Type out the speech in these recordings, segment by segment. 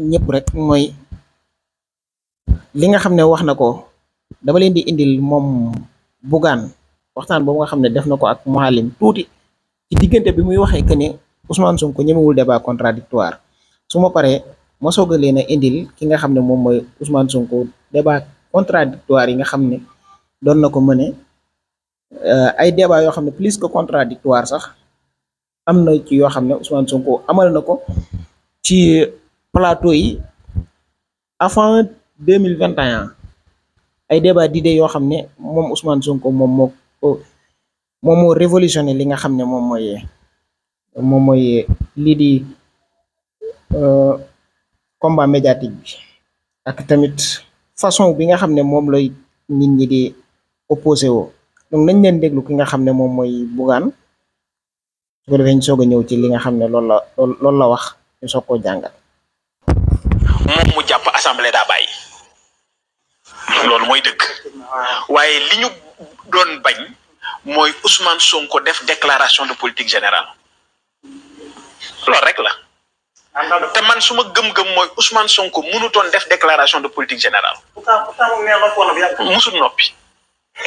ñëpp rek mooy li nga xam ne wax na ko dama leen di indil moom Bougane waxtaan boobu nga xam ne def na ko ak Mouhalim tuuti ci diggante bi muy waxee que ne Ousmane Sonko ñemewul débat contradictoire su ma paree ma soog a leen indil ki nga xam ne moom mooy Ousmane Sonko débat contradictoire yi nga xam ne doon na ko mëne euh, ay débat yoo xam ne plus que contradictoire sax am na ci yoo xam ne Ousmane Sonko amal na ko ci plateau yi avant deux mille vingt et ay débat d'idées yoo xam ne moom Ousmane Sonko moom moo moom moo révolutionné li nga xam ne moom mooy moom mooy lii di euh, combat médiatique bi ak tamit façon bi nga xam ne moom lay nit ñi di opposé woo donc nañ leen déglu ki nga xam ne moom mooy Bougane su ko defee ñu soog a ñëw ci li nga xam ne loolu la loolu la wax ñu soog koo jàngal. moom mu jàpp assemblée daa bàyyi loolu mooy dëkk waaye li ñu doon bañ mooy Ousmane Sonko def déclaration de politique générale loolu rek la te man suma gëm-gëm mooy Ousmane Sonko mënutoon def déclaration de politique générale musul noppi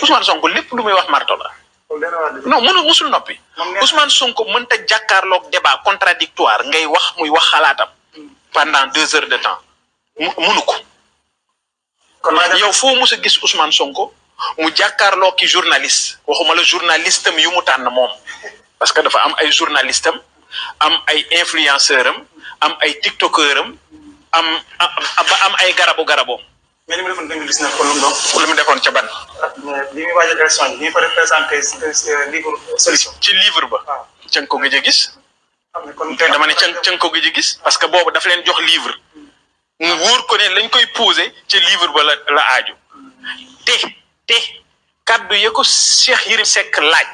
Ousmane Sonko lépp lu muy wax marto la non mënu musul noppi Ousmane Sonko mënta jàkkaarloog débat contradictoire ngay wax muy wax xalaatam pendant deux heures de temps munu ko. kon yow foo mus a gis Ousmane Sonko mu jàkkaarloo ki journaliste waxuma la journaliste am yu mu tànn moom parce que dafa am ay journaliste am am ay influenceur am am ay tiktokeur am am ba am ay garabu garaboom. mais li mu defoon 2019 mu defoon ca ban. li muy waajal élection yi ñu ngi présenté euh, euh, euh, solution. ci livre ba. waaw ah. ca nga ko gëj a gis. te dama ne ca nga ko gëj a gis. parce que boobu daf leen jox livre. mu wóor ko ne lañ koy posé ci livre ba la la aaju te te kaddu ya ko Cheikh Yérim Seck laaj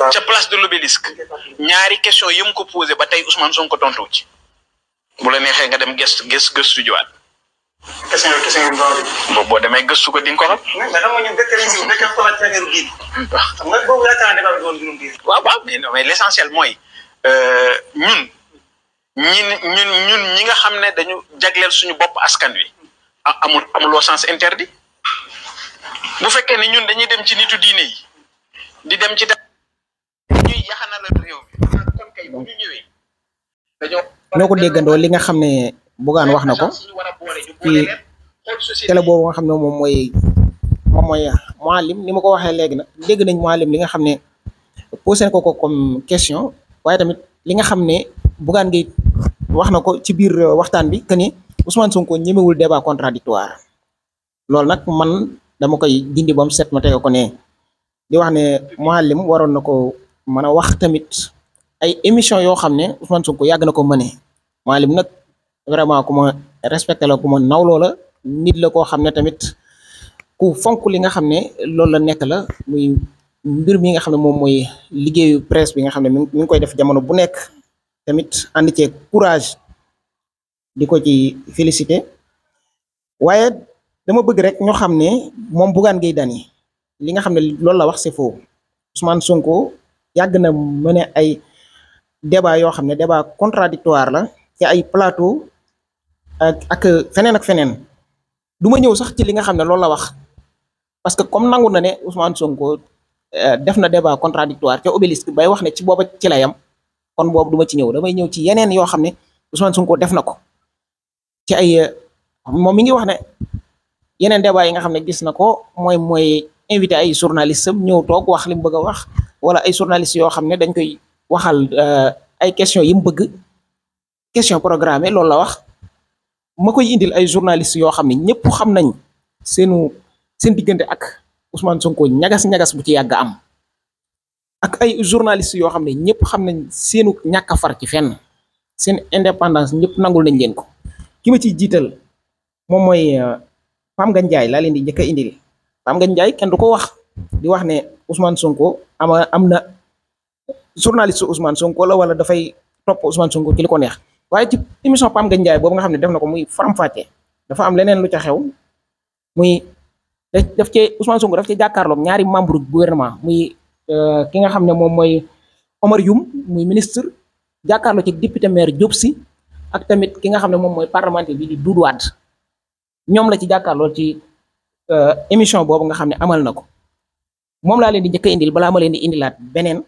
ah. ca place de l'obélisque ñaari question yi mu ko posé ba tey Ousmane Sonko tontu ci bu la neexee nga dem gëstu gëstu gëstu jiwaat. question yooyu question boo boo gëstu ko di nga ko xam. mais dama ñu xam nga boobu waaw waaw mais l'essentiel mooy euh, ñun. ñin ñun ñun ñi nga xam ne dañu jagleel suñu bopp askan wi ah, amul amuloo sens interdit bu fekkee ne ñun dañuy dem ci nitu diine yi di dem ci ñuy yaxanalal réew ko déggandoo li nga xam ne Bougane wax na ko ci télé boobu nga xam ne moom mooy moom mooy Mouhalim ni ma ko waxee léegi nag dégg nañ Mouhalim li nga xam ne posé na ko ko comme question waaye tamit li nga xam ne Bougane Gueye wax na ko ci biir euh, waxtaan bi que ni Ousmane Sonko ñemewul débat contradictoire loolu nag man dama koy dindi bam mu set ma tege ko ne di wax ne Mouhalim waroon na ko mën a wax tamit ay émission yoo xam ne Ousmane Sonko yàgg na ko mëne Mouhalim nag vraiment ku ma respecté la ku ma nawloo la nit la koo xam ne tamit ku fonk li nga xam ne loolu la nekk la muy mbir mi nga xam ne moom mooy liggéeyu presse bi nga xam ne mi koy def jamono bu nekk tamit ànd ceeg courage di ko ci félicité waaye dama bëgg rek ñoo xam ne moom Bougane Gueye Dany li nga xam ne loolu la wax c'est faux Ousmane Sonko yàgg na mën ay débat yoo xam ne débat contradictoire la ci ay plateau ak ak feneen ak feneen duma ma ñëw sax ci li nga xam ne loolu la wax parce que comme nangu na ne Ousmane Sonko euh, def na débat contradictoire ci obélisque bay wax ne ci booba ci la yam kon boobu du ci ñëw damay ñëw ci yeneen yoo xam ne Ousmane Sonko def na ko ci ay moom mi ngi wax ne yeneen débat yi nga xam ne gis na ko mooy mooy invité ay journalistes am ñëw toog wax li mu bëgg a wax wala ay journalistes yoo xam ne dañ koy waxal euh, ay question yi mu bëgg question programmée loolu la wax ma koy indil ay journalistes yoo xam ne ñëpp xam nañ seenu seen diggante ak Ousmane sunko ñagas ñagas bu ci yàgg am. ak ay journalistes yoo xam ne ñëpp xam nañ seenu ñàkk far ci fenn seen indépendance ñëpp nangul nañ leen ko ki ma ciy jiital moom mooy euh, Pam Ngagne njaay laa leen di njëkk a indil Pam Ngagne Ndiaye kenn du ko wax di wax ne Ousmane Sonko ama am na journaliste Ousmane Sonko la wala dafay topp Ousmane Sonko ci li ko neex waaye ci émission Pam njaay Ndiaye boobu nga xam ne def na ko muy faram-fàccee dafa am leneen lu ca xew muy daf cee Ousmane Sonko daf cee jàkkaarloog ñaari membre gouvernement Euh, ki nga xam ne moom mooy Omar Youm muy ministre jàkkaarloo ci député maire Diop Sy ak tamit ki nga xam ne moom mooy parlementaire bi di Doudou Wade ñoom la ci jàkkaarloo ci euh, émission boobu nga xam ne amal na ko moom laa leen di njëkk a indil balaa ma leen di indilaat beneen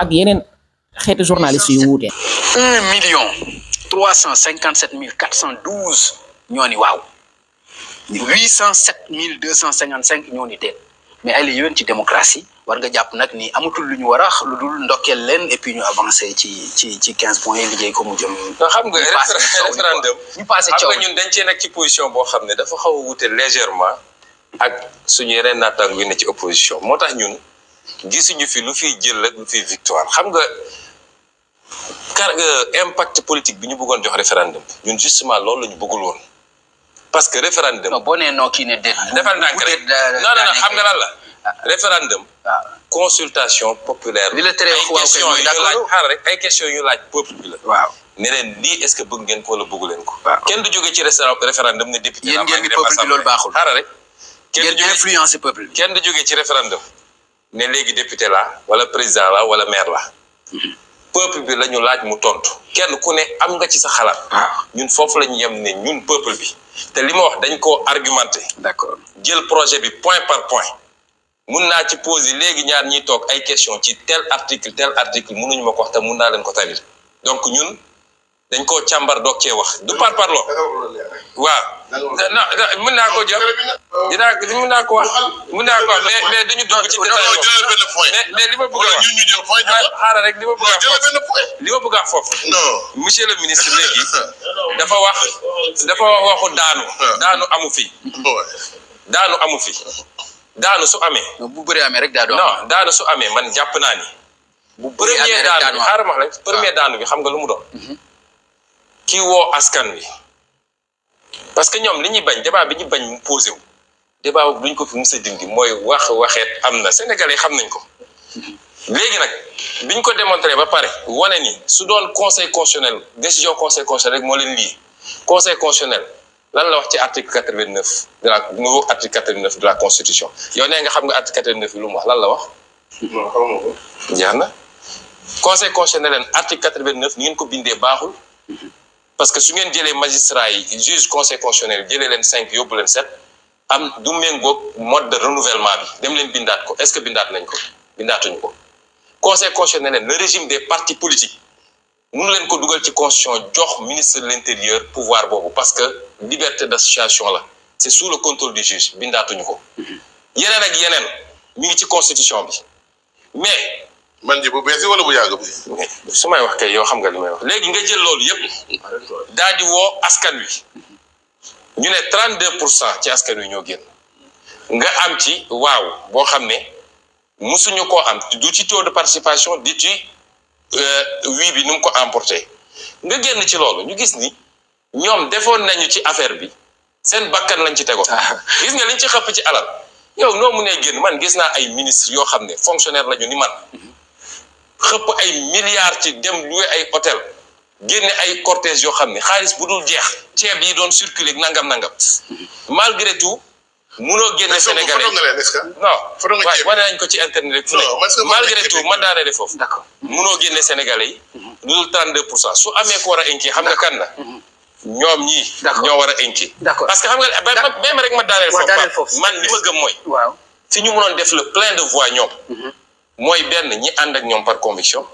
ak yeneen xeeti journaliste yu wuute. un million trois cinquante sept mille quatre cent douze ñoo ni waaw huit cent sept mille deux cent cinquante cinq ñoo ni mais ay la yéwén ci démocratie war nga jàpp nag ni amatul lu ñu war a lu dul ndokkeel leen et ñu avancé ci ci ci quinze points yi liggéey ko mu jëm. xam nga référendum ñu passé ñun dañ cee nekk ci position boo xam ne dafa xaw a wute légèrement ak suñu yeneen naataango yi ne ci opposition moo tax ñun gisuñu fi lu fi jël ak lu fiy victoire xam nga car euh, impact politique bi ñu bëggoon jox référendum ñun justement loolu la ñu bëggul woon. parce que référendum. non boo nee noo kii ne déet. Ah, defal ndànk rek non non xam nga lan la. Ah. référendum. Ah. consultation populaire. li la tere ay question yu laaj peuple waaw ne leen lii est-ce que bëgg ngeen ko wala bëggu leen ko. kenn du jógee ci référendum ne député. yéen ngeen ni peuple bi loolu baaxul xaar rek. kenn du influencer peuple bi. kenn ci référendum ne léegi député la wala président la wala maire la. Mhm. peuple bi la ñu laaj mu tontu. kenn ku ne am nga ci sa xalaat. ñun foofu la ñu ne ñun peuple bi. te li ma wax dañ koo argumenté. d'accord jël projet bi point par point. mun naa ci poser léegi ñaar ñiy toog ay question ci tel article tel article mënuñu ma ko wax te mun naa leen ko tamit donc ñun. dañ ko càmbar doo cee wax du par parloo waa na mën naa koo jël dinaa mën naa ko wax mën naa ko wax mais mais dañu dugg ci détail mais mais li ma bëgg a wax xaaral rek li ma bëgg li ma bëgg a wax foofu monsieur le ministre léegi dafa wax dafa wax waxu daanu daanu amu fi daanu amu fi daanu su amee bu bëree amee rek daanu non su amee man jàpp naa ni bu bëree amee rek daanu xaaral ma rek premier daanu bi xam nga lu mu doon mhm. kii woo askan wi parce que ñoom li ñuy bañ débat bi ñu bañ mu posé wu débat boobu duñ ko fi mës a dindi mooy wax waxeet am na sénégal yi xam nañ ko léegi nag bi biñ ko démontré ba pare wane ni su doon conseil constitutionnel décision conseil constitutionnel rek moo leen lii conseil constitutionnel lan la wax ci article quatre-vingt-neuf de la nouveau article quatre-vingt-neuf de la constitution yow nee nga xam nga article quatre-vingt-neuf bi lu mu wax lan la wax. non xamuma ko. jeex leen article quatre vingt ko bindee baaxul. parce que su ngeen jëlee magistrat yi juge conseil constitutionnel jëlee leen cinq yóbbu leen sept am du méngoog mode de renouvellement bi dem leen bindaat ko est-ce que bindaat nañ ko bindaatuñu ko conseil constitutionnel le régime des partis politiques munu leen ko dugal ci constitution jox ministre de l'intérieur pouvoir boobu parce que liberté d'association la c'est sous le contrôle du juge bindaatuñu ko mhm. yeneen ak yeneen mi ngi ci constitution bi man ji bu bees yi wala bu yàgg bi. su may wax kay yoo xam nga li may wax léegi nga jël loolu yëpp daal di woo askan wi ñu ne 32 pour cent ci askan wi ñoo génn nga am ci waaw boo xam ne musuñu koo am du ci taux de participation di ci wii euh, bi nu mu ko emporté nga génn ci loolu ñu gis ni ñoom defoon nañu ci affaire bi seen bakkan lañ ci tegoon. Ah. gis nga liñ ci xëpp ci alal yow noo munee génn man gis naa ay ministre yoo xam ne fonctionnaire lañu ni man. xëpp ay milliards ci dem loué ay hôtel génne ay cortège yoo xam ne xaalis bu dul jeex ceeb yi doon circuler nangam nangam malgré tout munoo génne sénégalais non waaye wane nañ ko ci internet rek fu ne malgré tout ma daanele foofu munoo génne sénégalais yi lu dul trente deux pour cent su amee ko war a inquiet xam nga kan la mhm. ñoom ñii ñoo war a inquiet parce que xam nga ba même rek ma daaneel foofu man li ma gëm mooy fi ñu mënoon def le plein de voix ñoom mhm. mooy benn ñi ànd ñoom par conviction.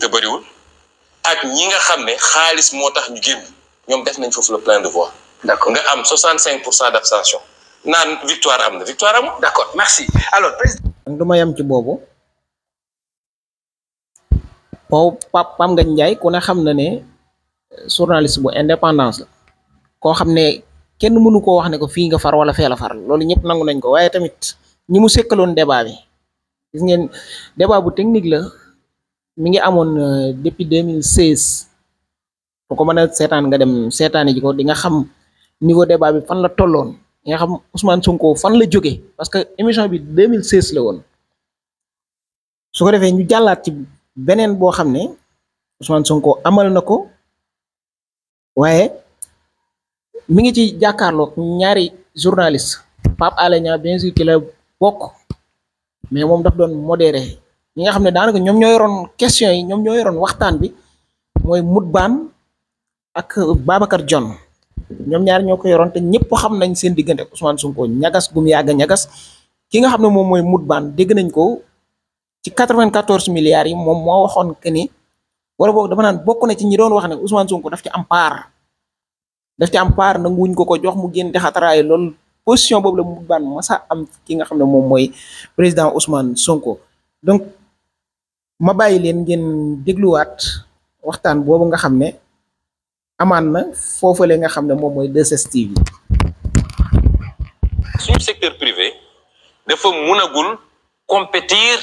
te bëriwul ak ñi nga xam ne xaalis moo tax ñu génn ñoom def nañ foofu la plein de voix. d'accord nga am 65 pour cent d'abstention naan victoire am na victoire amul. d'accord merci alors président. ma yem ci boobu. Paw Pam Ngagne Ndiaye ne xam na ne euh, journaliste bu indépendance la koo xam ne kenn mënu koo wax ne ko fii nga far wala fee la far loolu ñëpp nangu nañ ko waaye tamit ñi mu sekkaloon débat bi gis ngeen débat bu technique la mi ngi amoon euh, depuis 2016 bu ko mën seetaan nga dem seetaani ji ko di nga xam niveau débat bi fan la tolloon di nga xam Ousmane Sonko fan la jóge parce que émission bi 2016 la woon su ko defee ñu jàllaat ci beneen boo xam ne Ousmane Sonko amal na ko waaye mi ngi ci jàkkaarloog ñaari journaliste Pape Alé Niang bien sûr ki la bokk. mais moom daf doon modéré ñi nga xam ne daanaka ñoom ñoo yoroon question yi ñoom ñoo yoroon waxtaan bi mooy Mutbaan ak Babacar John ñoom ñaar ñoo ko yoroon te ñëpp xam nañ seen diggante ak Ousmane Sonko ñagas gum yàgg ñagas ki nga xam ne moom mooy Mutbaan dégg nañ ko ci 94 milliards yi moom moo waxoon que ni wala boog dama naan bokk na ci ñi doon wax ne Ousmane ko daf ci am part daf ci am part wuñ ko ko jox mu génn di xataraayu lool. position boobu la ma sax am ki nga xam ne moom mooy président Ousmane Sonko donc ma bàyyi leen ngeen dégluwaat waxtaan boobu nga xam ne amaan na foofale nga xam ne moom mooy 2STV. suñu secteur privé dafa munagul compétir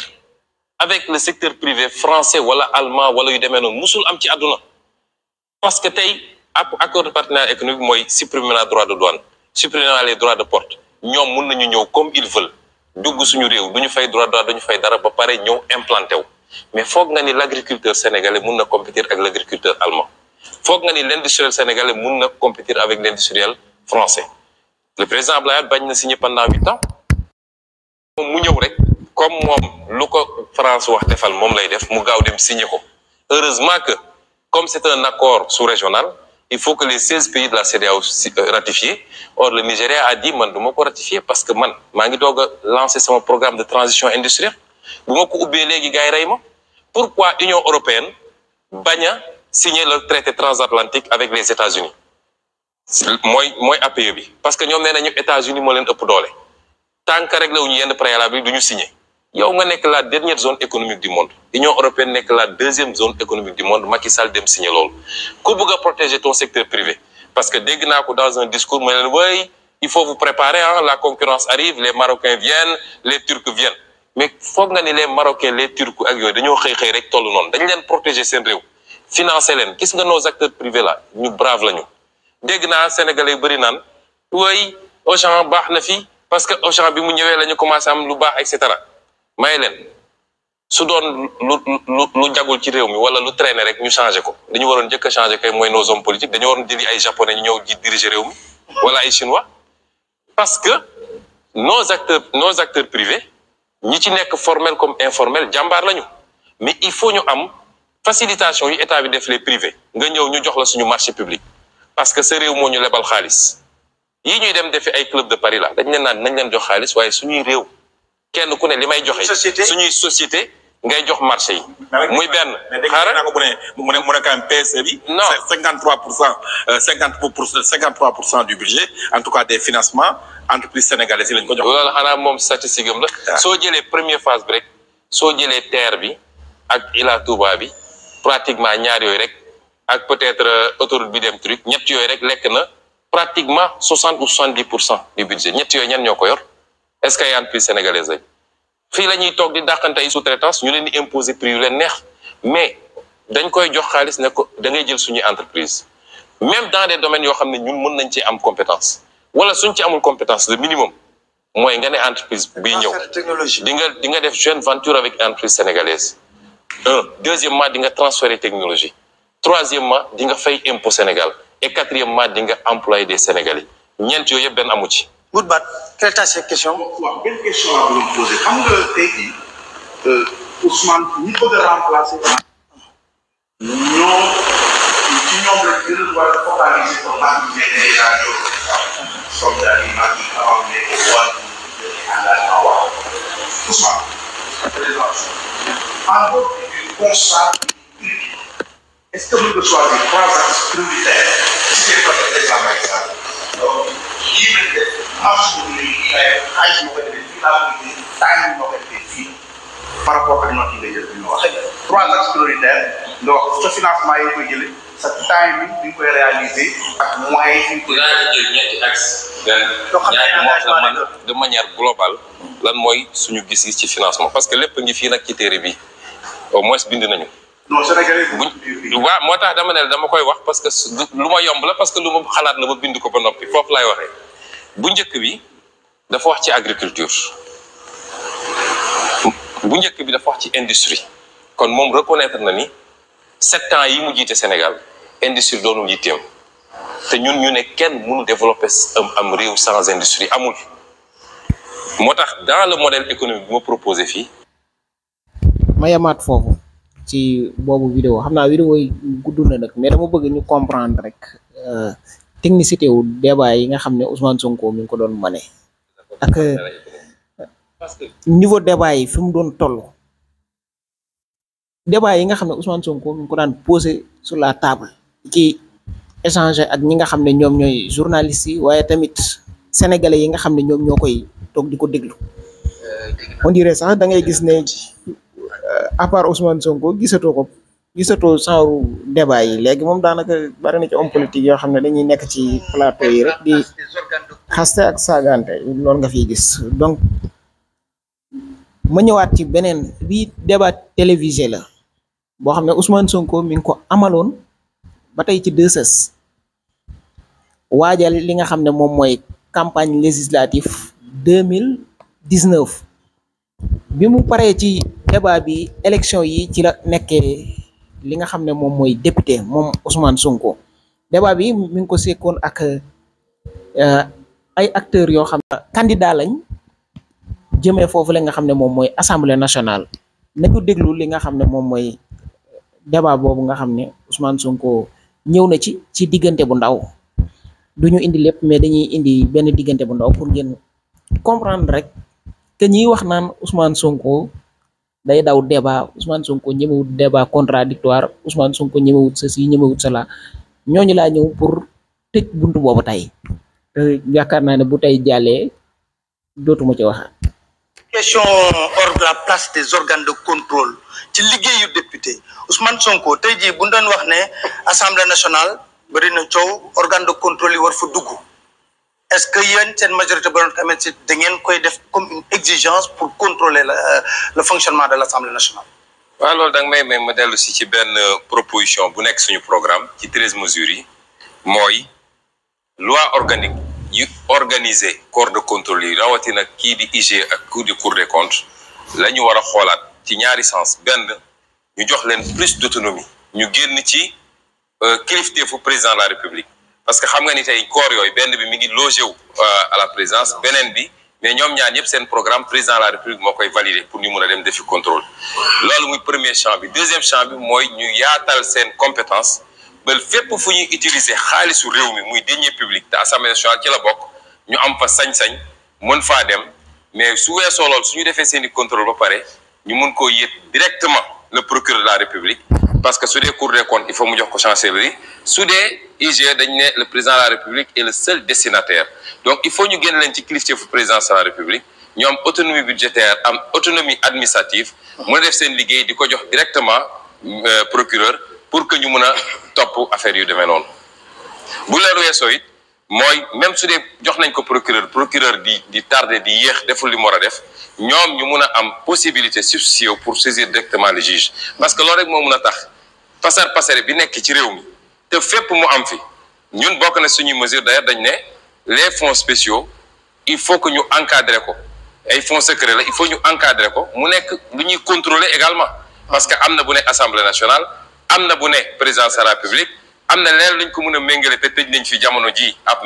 avec le secteur privé français wala allemand wala yu demee noonu musul am ci àdduna parce que tey accord de partenariat économique mooy supprimer na droit de douane. supprimant les droits de porte ñoom mun nañu ñëw comme ils veulent dugg suñu réew du ñu fay droit droit du fay dara ba pare ñëw implanté wu mais foog nga ni l' agriculteur sénégalais mun na compétir ak l' agriculteur allemand foog nga ni l' industriel mun na compétir avec l' industriel français le président Abdoulaye Wade bañ na signé pendant huit ans mu ñëw rek comme moom lu ko France wax defal moom lay def mu gaaw dem signé ko heureusement que comme c' est un accord sous-régional il faut que les seize pays de la CEDEAO euh, ratifient or le Nigéria a dit man du ma ko ratifier parce que man maa ngi doog a lancer sama programme de transition industrielle bu ma ko ubbee léegi gars yi rey ma pourquoi Union européenne bañ a signer le traité transatlantique avec les États-Unis mooy mooy APE bi parce que ñoom nee nañu États-Unis moo leen ëpp doole tant que réglé wuñu yenn préalable yi du ñu signer yow nga nekk la dernière zone économique du monde Union européenne nekk la deuxième zone économique du monde Macky Sall dem signé loolu ku bëgg a protéger ton secteur privé parce que dégg naa ko dans un discours mu leen way il faut vous préparer la concurrence arrive les Marocains viennent les Turcs viennent mais foog nga ni les Marocains les Turcs ak daño dañoo xëy xëy rek toll noon dañ leen protéger sen réew financer leen gis nga nos acteurs privés la ñu brave la ñu dégg naa sénégalais yu bëri naan way Auchan baax na fi parce que Auchan bi mu ñëwee la ñu commencé am lu baax et cetera may leen su doon lu lu lu jagul ci réew mi wala lu traîner rek ñu changé ko dañu waroon njëkk a changé kay mooy nos hommes politiques dañu waroon dindi ay japonais ñu ñëw di diriger réew mi wala ay chinois parce que nos acteurs nos acteurs privés ñi ci nekk formel comme informel jàmbaar lañu mais il faut ñu am facilitation yu état bi def les privés nga ñëw ñu jox la suñu marché public parce que sa réew moo ñu lebal xaalis yi ñuy dem defi ay club de Paris dañ leen nañ leen jox xaalis waaye suñuy réew. kenn ku ne li may joxe. suñuy société ngay jox marché yi. muy benn xaaral mu ne mu ne quand même e bi. non pour cent euh, cinquante pour cinquante trois pour cent du budget en tout cas des financements entreprise sénégalaise yi lañ ko jox. loolu xanaa moom statistique am la. Ah. soo jëlee premier phase bi rek soo jëlee terre bi ak Ila Touba bi pratiquement ñaar yooyu rek ak peut-être euh, autoroute bi dem truc ñett yooyu rek lekk na pratiquement soixante ou soixante dix du budget ñett yooyu ñan ñoo ko yor. est-ce que ay entreprise sénégalaise lañ fii la ñuy toog di dàqante ay sous ñu leen di imposer prix yu leen neex mais dañ koy jox xaalis ne ko da ngay jël suñu entreprise même dans des domaines yoo xam ne ñu mën nañ ci am compétence wala suñ ci amul compétence le minimum mooy nga ne entreprise bii ñëw di nga di nga def joint venture avec entreprise sénégalaise un deuxièmement di nga transférer technologie troisièmement di nga fay impôt Sénégal et quatrièmement di nga employer des Sénégalais ñeent yooyu yëpp benn amu ci Good bad quelle était cette question. waaw benn question laa bëggoon posé xam nga tey jii euh, Ousmane ñi ko doon remplacé. ñoo ci ñoom la gën a war a focaliser ko maa ngi nekk ay rajo soxna yi maa ngi xaw a nekk waa ñu engagement waaw Ousmane président en dehors du constat est-ce que mën nga choisir trois axes prioritaires si absolument lii ay xaj moo koy defee fii laa koy defee tànn moo koy defee fii par ci ngay jël bi ñu wax. trois axes prioritaires nga wax sa financement bi ñu koy de manière globale. lan mooy suñu gis ci financement parce que lépp ngi fii nag ci téere bi au moins bind nañu. non Sénégalais buñ moo tax dama ne dama koy wax parce que lu ma yomb la parce que lu ma xalaat la ba bind ko ba noppi foofu laay waxee. bu njëkk bi dafa wax ci agriculture bu njëkk bi dafa wax ci industrie kon moom reconnaître na ni sept ans yi mu jiite Sénégal industrie doonul yitteem te ñun ñu ne kenn mënu développer am am réew sans industrie amul moo tax dans le modèle économique bu ma proposé fii ma yemaat foofu ci boobu vidéo xam naa vidéo yi gudd na nag mais dama bëggee ñu comprendre rek euh, technicité wu débat yi nga xam ne Ousmane Sonko mi ngi ko doon mané ak niveau débat yi fi mu doon toll débat yi nga xam ne Ousmane Sonko mi ngi ko daan posé sur la table ci échanger ak ñi nga xam ne ñoom ñooy journalistes yi waaye tamit sénégalais yi nga xam ne ñoom ñoo koy toog di ko déglu euh, on dirait sax da ngay gis ne euh, à part Ousmane Sonko gisatoo ko gisatoo genre débat yi léegi moom daanaka bari na ci homme politique yoo xam ne dañuy nekk ci plateau yi rek di xaste ak saagante loolu nga fi gis donc ma ñëwaat ci beneen bi débat télévisé la boo xam ne Ousmane Sonko mi ngi ko amaloon ba tey ci 2S li nga xam ne moom mooy campagne législative deux mille dix neuf bi mu paree ci débat bi élection yi ci la nekkee. li nga xam ne moom mooy député moom Ousmane Sonko débat bi mi ngi ko sekkoon ak euh, ay acteurs yoo xam ne candidat lañ jëmee foofu la nga xam ne moom mooy assemblée nationale nañu déglu li nga xam ne moom mooy débat boobu nga xam ne Ousmane Sonko ñëw na ci ci diggante bu ndaw du ñu indi lépp mais dañuy indi benn diggante bu ndaw pour ngeen comprendre rek que ñiy wax naan Ousmane Sonko. day daw débat Ousmane Sonko ñemewut débat contradictoire Ousmane Sonko ñemewut ceci ñemewut cela ñooñu laa ñëw pour tëj buntu boobu tey te yaakaar naa ne bu tey jàllee dootuma ci waxaat. question hors de la place des organes de contrôle ci liggéeyu député Ousmane Sonko te jii bu doon wax ne assemblée nationale bari na coow organe de contrôle war fa dugg. est-ce que yéen seen majorité bu doon tamit si da ngeen koy def comme une exigence pour contrôler le, le fonctionnement de l'Assemblée nationale waaw loolu dang nga may ma dellusi ci benn euh, proposition bu nekk suñu programme ci treize mesures mooy loi organique yu organiser corps de contrôle yi rawatina kii di IG ak kii di contre des comptes la ñu war xoolaat ci ñaari sens benn ñu jox leen plus d'autonomie ñu génn ci euh, kilifteefu président de la république parce que xam nga nit tey corps yooyu benn bi mu ngi logé wu euh, la présidence beneen bi mais ñoom ñaar ñëpp seen programme président de la république moo koy validé pour ñu mun a dem defi contrôle loolu muy premier champ bi deuxième champ bi mooy ñu yaatal seen compétence ba fépp fu ñu utiliser xaalisu réew mi muy deniers publics te assemblée nationale ci la bokk ñu am fa sañ-sañ mën faa dem mais su weesoo loolu su ñu defee seen i contrôle ba pare ñu mun koo yët directement le procureur la république parce que su dee cour des comptes faut mu jox ko chancellerie su IG dañ ne le président de la république est le seul destinataire donc il faut ñu génn leen ci kilifteefu présidence de la république ñu am autonomie budgétaire am autonomie administrative mën a def seen liggéey di ko jox directement euh, procureur pour que ñu mën a topp affaire yu demee noonu bu leer weesoo mooy même su dee jox nañ ko procureur procureur di di tardé di yéex deful li mu a def ñoom ñu mun a am possibilité substituer pour saisir directement le juge que loolu moo mun a tax pasar pasare bi nekk ci réew mi te fépp mu am fi ñun bokk na suñuy mesure d'ailleurs dañ ne les fons spéciaux il faut que ñu encadrer ko ay fons secrets la il faut ñu encadrer ko mu nekk lu ñuy contrôler également parce que am na bu ne assemblée nationale am na bu ne présidence de la république am na leen luñ ko mën a méngale te tëj nañ fi jamono ji ab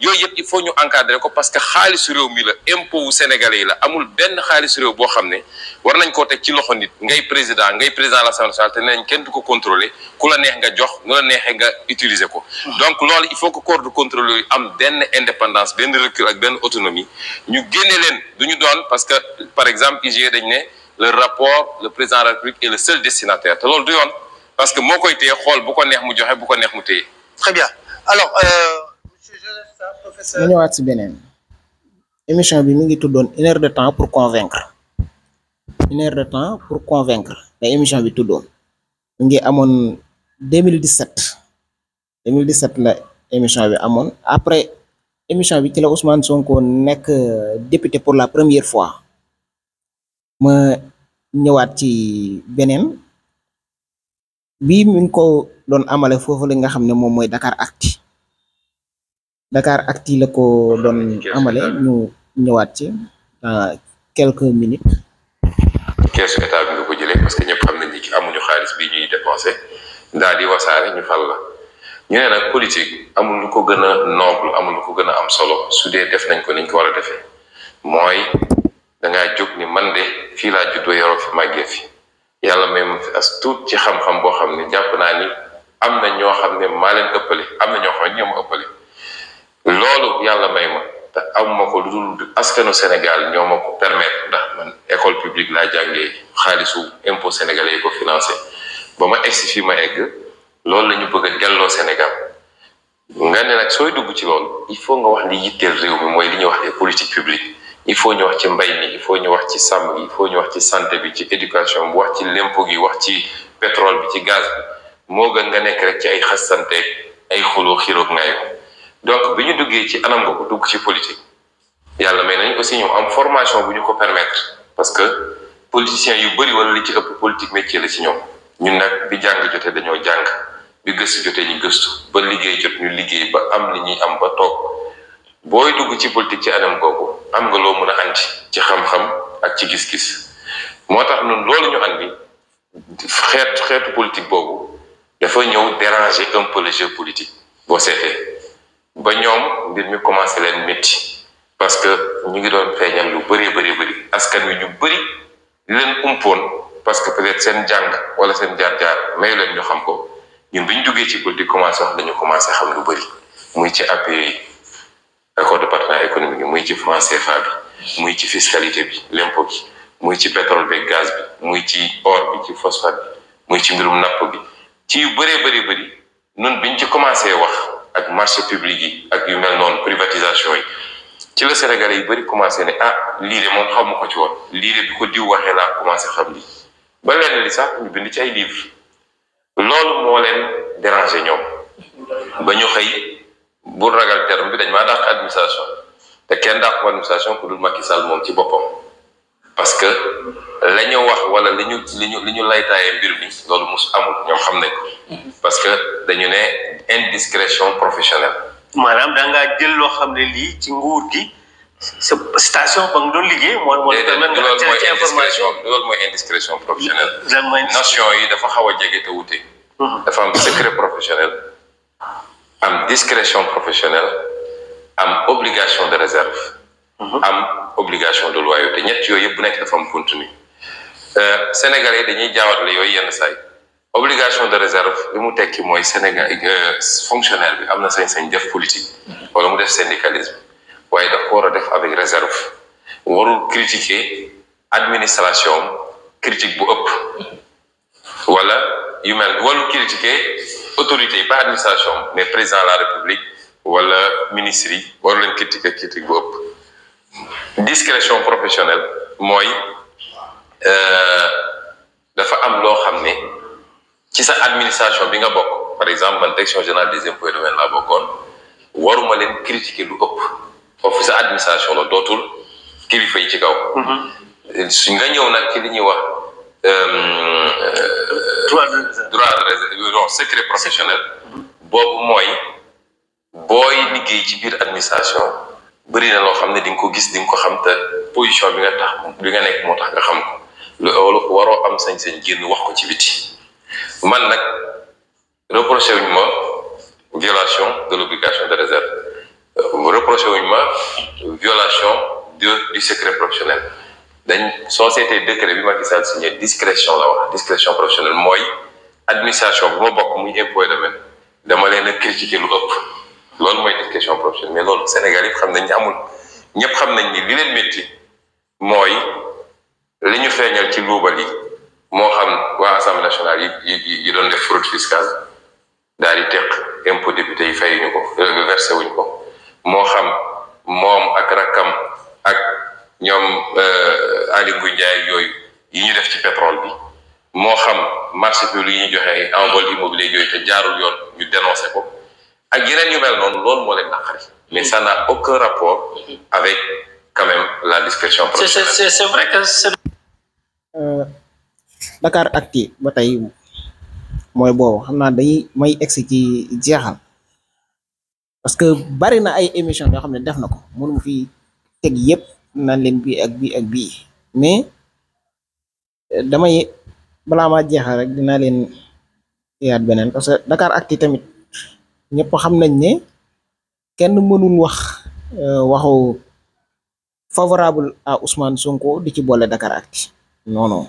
yooyu yëpp il faut ñu encadrer ko parce que xaalisu réew mi la impôt wu sénégalais yi la amul benn xaalisu réew boo xam ne war nañ koo teg ci loxo nit ngay président ngay président la l'Assemblée nationale te nañ kenn du ko contrôler ku la neex nga jox nu la neexee nga utiliser ko ah. donc loolu il faut que corps de contrôle yu am benn indépendance benn recul ak benn autonomie ñu génne leen du ñu doon parce que par exemple IGE dañ ne le rapport le président de la République te loolu du yoon parce que moo koy téye xool bu ko neex mu joxe bu ko neex mu téye très bien euh, ma ñëwaat si beneen émission bi mi ngi tuddoon une heure de temps pour convaincre une heure de temps pour convaincre la émission bi tuddoon mu ngi amoon 2017 2017 la émission bi amoon après émission bi ci la Ousmane Sonko nekk euh, député pour la première fois ma ñëwaat ci beneen bii mu ngi ko doon amale foofu la nga xam ne moom mooy Dakaractu Dakaractu la ko doon amale ñu ñëwaat ci dans euh, quelques minutes. keesu état bi nga ko jëlee parce que ñëpp xam nañ ni ki amuñu xaalis bi ñuy dépensé daal di wasaare ñu fal la ñu ne nag politique amul lu ko gën a noble amul lu ko gën a am solo su dee def nañ ko niñ ko war a defee mooy dangaa jóg ni man de fii laa juddoo yoroo fi màggee yàlla may ma ci xam-xam boo xam ne jàpp naa ni am na ñoo xam ne maa leen ëppale am na ñoo ne ñoo ma ëppale. loolu yàlla may ma te amuma ko lu dul askanu Sénégal ñoo ma ko permettre ndax man école publique laa jàngee xaalisu impôt sénégalais yi ko financé ba ma egsi fi ma egg loolu lañu bëgg a delloo Sénégal nga ne nag sooy dugg ci loolu il faut nga wax li yitteel réew mi mooy li ñuy wax les politiques publiques il faut ñu wax ci mbay mi il faut ñu wax ci sàmm gi il faut ñu wax ci santé bi ci éducation bi wax ci lempo gi wax ci pétrole bi ci gaz bi moo gën nga nekk rek ci ay xasante ay xuloo xiroog donc bi ñu duggee ci anam nga ko dugg ci politique yàlla may nañ aussi ñoom am formation bu ñu ko permettre parce que politiciens yu bëri wala li ci ëpp politique métier la ci ñoom ñun nag bi jàng jotee dañoo jàng bi gëstu jotee ñu gëstu ba liggéey jot ñu liggéey ba am li ñuy am ba toog booy dugg ci politique ci anam googu am nga loo mën a andi ci xam-xam ak ci gis-gis moo tax ñun loolu ñu andi xeetu xeetu politique boobu dafa ñëw déranger un peu le jeu politique boo seetee. ba ñoom mbir mi commencé leen métti parce que ñu ngi doon feeñal lu bëree bëri bëri askan wi ñu bëri li leen umpoon parce que peut seen jàng wala seen jaar-jaar mayu leen ñu xam ko ñun bi ñu jugee ci di commencé wax dañu commencé xam lu bëri muy ci APE yi accord de partenariat économique muy ci franc CFA bi muy ci fiscalité bi l'impôt bi muy ci pétrole bi gaz bi muy ci or bi ci phosphate bi muy ci mbirum napp bi ci yu bëree bëri bëri ñun biñ ci commencé wax. ak marché public yi ak yu mel noonu privatisation yi ci la Sénégalais yi bëri commencé ne ah lii de moom xamu ko ci woon lii de bi ko diw waxee laa commencé xam lii ba leen li sax ñu bind ci ay livre loolu moo leen dérangé ñoom ba ñu xëy bu ragal terme bi dañ maa dàq administration te kenn dàq ko administration ku dul Macky Sall moom ci boppam. parce que la ñu wax wala li ñu li ñu li ñu laytaaye mbir mi loolu mus amul ñoom xam ne ko parce que dañu ne indiscrétion professionnelle. maanaam da ngaa jël loo xam ne lii ci nguur gi. station ba nga liggéey. moo moo permettre nga jël ci information loolu mooy indiscrétion professionnelle. nation yi dafa xaw a jege te wuute. Mhm. dafa am secret professionnel. am discrétion professionnelle am obligation de réserve. Uh-huh. am obligation de loyauté ñett yooyu yëpp bu nekk dafa am contenu euh, Sénégalais dañuy jaawatale yooyu yenn saay obligation de réserve li mu tekki mooy Sénégal euh, fonctionnaire bi am na seen sañ def politique uh-huh. wala mu def syndicalisme waaye daf ko war a def avec réserve warul critiquer administration critique bu ëpp uh-huh. wala yu mel warul critiquer autorité yi pas administration mais président la république wala ministre yi waru leen critiquer critique bu ëpp discrétion professionnelle mooy euh, dafa am loo xam ne ci sa administration bi nga bokk par exemple man direction générale des impôts et laa bokkoon waruma leen critiquer lu ëpp foofu sa administration la dootul kilifa yi ci kaw. Mhm. su nga ñëw nag ci li ñuy wax. Euh, euh, droit de réserve droit secret professionnel. Mhm. boobu mooy booy liggéey ci biir administration. bëri na loo xam ne di nga ko gis di nga ko xam te position bi nga tax bi nga nekk moo tax nga xam ko loolu waroo am sañ-sañ génn wax ko ci biti man nag reproché wuñ ma violation de l'obligation de réserve reproché wuñ ma violation du secret professionnel dañ soo seetee décret bi Macky Sall signé discrétion la wax discrétion professionnelle mooy administration bu ma bokk muy impôt domaine dama leen a critiquer lu ëpp loolu mooy question professionnelle mais loolu Sénégal yëpp xam nañ ni amul ñëpp xam nañ ni li leen métti mooy li ñu feeñal ci luubal yi moo xam waa assemblée nationale yi yi yi doon def fraude fiscale daal di teq impôt député yi fayuñu ko euh, versé wuñ ko moo xam moom ak rakkam ak ñoom euh, Aly Ngouille jaay yooyu yi ñu def ci pétrole bi moo xam marché public yi ñu joxe ay envol immobilier yooyu te jaarul yoon ñu dénoncé ko. ak yeneen yu mel noonu loolu moo leen naqari. mais ça aucun rapport avec quand même la discrétion professionnelle. c'est c'est vrai que c'est. Euh, Dakaractu ba xam naa dañuy may egsi ci jeexal parce que bari na ay émission yoo xam ne def na ko mënu mu fi teg yépp naan leen bi ak bi ak bii mais damay balaa maa jeexal rek dinaa leen yaat beneen parce que Dakaractu tamit. ñëpp xam nañ ne kenn mënul wax euh, waxu favorable à Ousmane Sonko di ci boole Dakaractu non non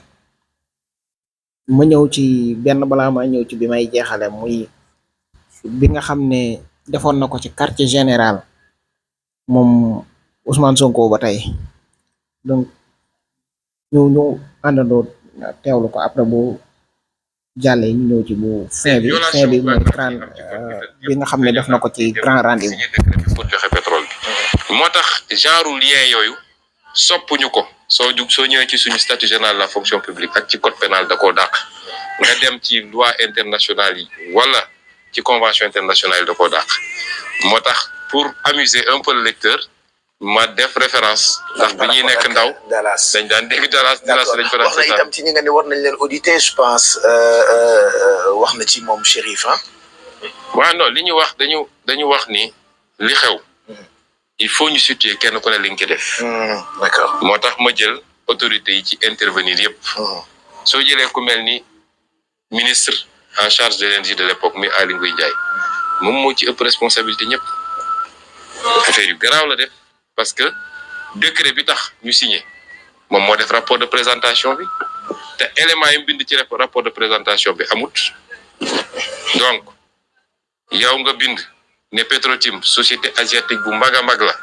ma ñëw ci benn balaa ma ñëw ci bi may jeexale muy bi nga xam ne defoon na ko ci quartier général moom Ousmane Sonko ba tey donc ñu ñu àndandoo teewlu ko après bu jàllee ñu ñëw ci bu fin bi fin bi mooy euh, nga xam ne def na ko ci grand rendez pour joxe pétrole moo tax genre lien yooyu soppuñu ko soo jug soo ñëwee ci suñu statut la fonction publique ak ci code pénal da koo dàq nga dem ci loi internationale yi wala ci convention internationale yi da ko dàq moo tax pour amuser un peu lecteur. ma def référence ndax bi ñuy nekk ndaw dañ daan dégg Dalas Dalas lañ fa wax ci ñi nga ne war nañ leen auditer je pense euh, euh, wax na ci moom Chérif ah li ñu wax dañu dañu wax ni li xew mhm. il faut ñu situer kenn ku ne li nga ci def mhm, moo tax ma jël autorités yi ci intervenir yëpp mhm. soo jëlee ku mel ministre en charge de l'énergie de l'époque muy Aly Ngouille Ndiaye moom moo ci ëpp responsabilité ñëpp affaire yu garaaw la def parce que décret bi tax ñu signé moom moo def rapport de présentation bi te élément yi mu bind ci rapport de présentation bi amut donc yow nga bind ne pétrotime société asiatique bu mag a mag la